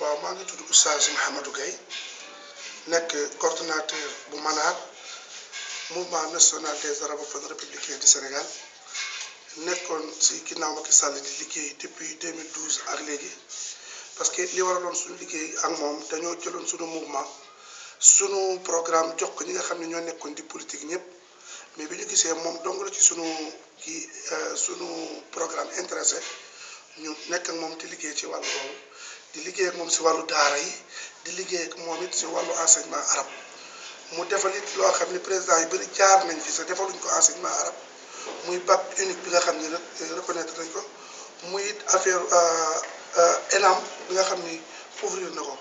waaw maa ngi tudd Oustaz Mouhamadou Guèye nekk coordonnateur bu MANAR mouvement national des arabophones républicains di Sénégal nekkoon si ginnaaw Macky Sall di liggéey depuis 2012 ak léegi parce que li waraloon suñu liggéey ak moom dañoo jëloon suñu mouvement suñu programme jox ko ñi nga xam ne ñoo nekkoon di politique ñëpp mais bi ñu gisee moom dong la ci suñu kii euh, suñu programme intéressé ñu nekk ak moom di liggéey ci wàllu boobu di liggéey ak moom si wàllu daara yi di liggéey ak moom it si wàllu enseignement arab mu defal it loo xam ne président yu bëri jaar nañ fi sax defaluñ ko enseignement arab muy bac unique bi nga xam ne reconnaître nañ ko muy it affaire ENAM euh, euh, bi nga xam ni ouvrir ne ko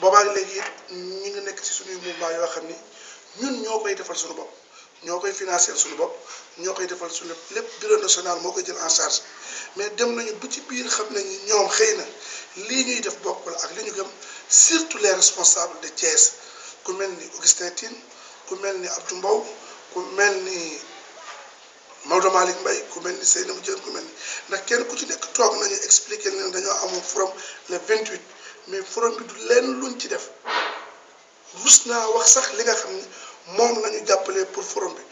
boobaag léegi it ñu ngi nekk si suñuy mouvement yoo xam ni ñun ñoo koy defal suñu bopp. ñokay financer suñu bop ñokay defal suñu lépp bureau national moko jël en charge mais dem nañu bu ci biir xam nañu ñom xeyna li ñuy def bokkul ak li ñu gëm surtout les responsables de Thiès ku melni Augustin Tine ku melni Abdou Mbaw ku melni ni Maodo Malick Mbaye ku melni ni Seydou Dieng ku melni nak kenn ku ci nek tok nañu expliqué leen dañoo amoon forum le 28 mais forum bi du lenn luñ ci def rusna wax sax li nga xamni moom nañu jàppalee pour forum bi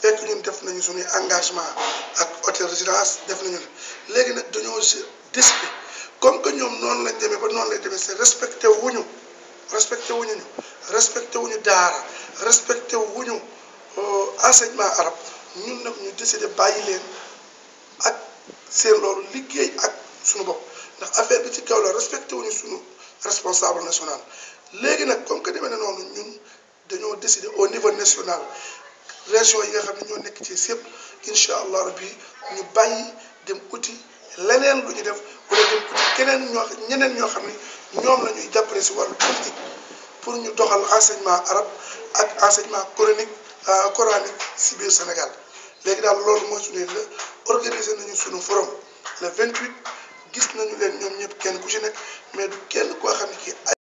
fekk ñun def nañu suñuy engagement ak hôtel résidence def nañu ne léegi nag dañoo décidé comme que ñoom noonu lañ demee ba noonu lay demee c'est respecté wuñu respecté wuñu ñu respecté wuñu daara respecté wuñu euh, enseignement arabe ñun nag ñu décidé bàyyi leen ak seen loolu liggéey ak suñu bopp ndax affaire bi ci kaw la respecté wuñu suñu responsable national léegi nag comme que demee na noonu ñun dañoo décider au niveau national région yi nga xam ne ñoo nekk ci sépp incha allah rabbi ñu bàyyi dem uti leneen lu ñu def wala dem uti keneen ñoo ñeneen ñoo xam ne ñoom la ñuy jàppale si wàllu politique pour ñu doxal enseignement arabe ak enseignement coranique euh, coranique si biir Sénégal léegi daal loolu mooy suñu la organiser nañu suñu forum le 28 gis nañu leen ñoom ñëpp kenn ku ci nekk mais du kenn koo xam ne kii.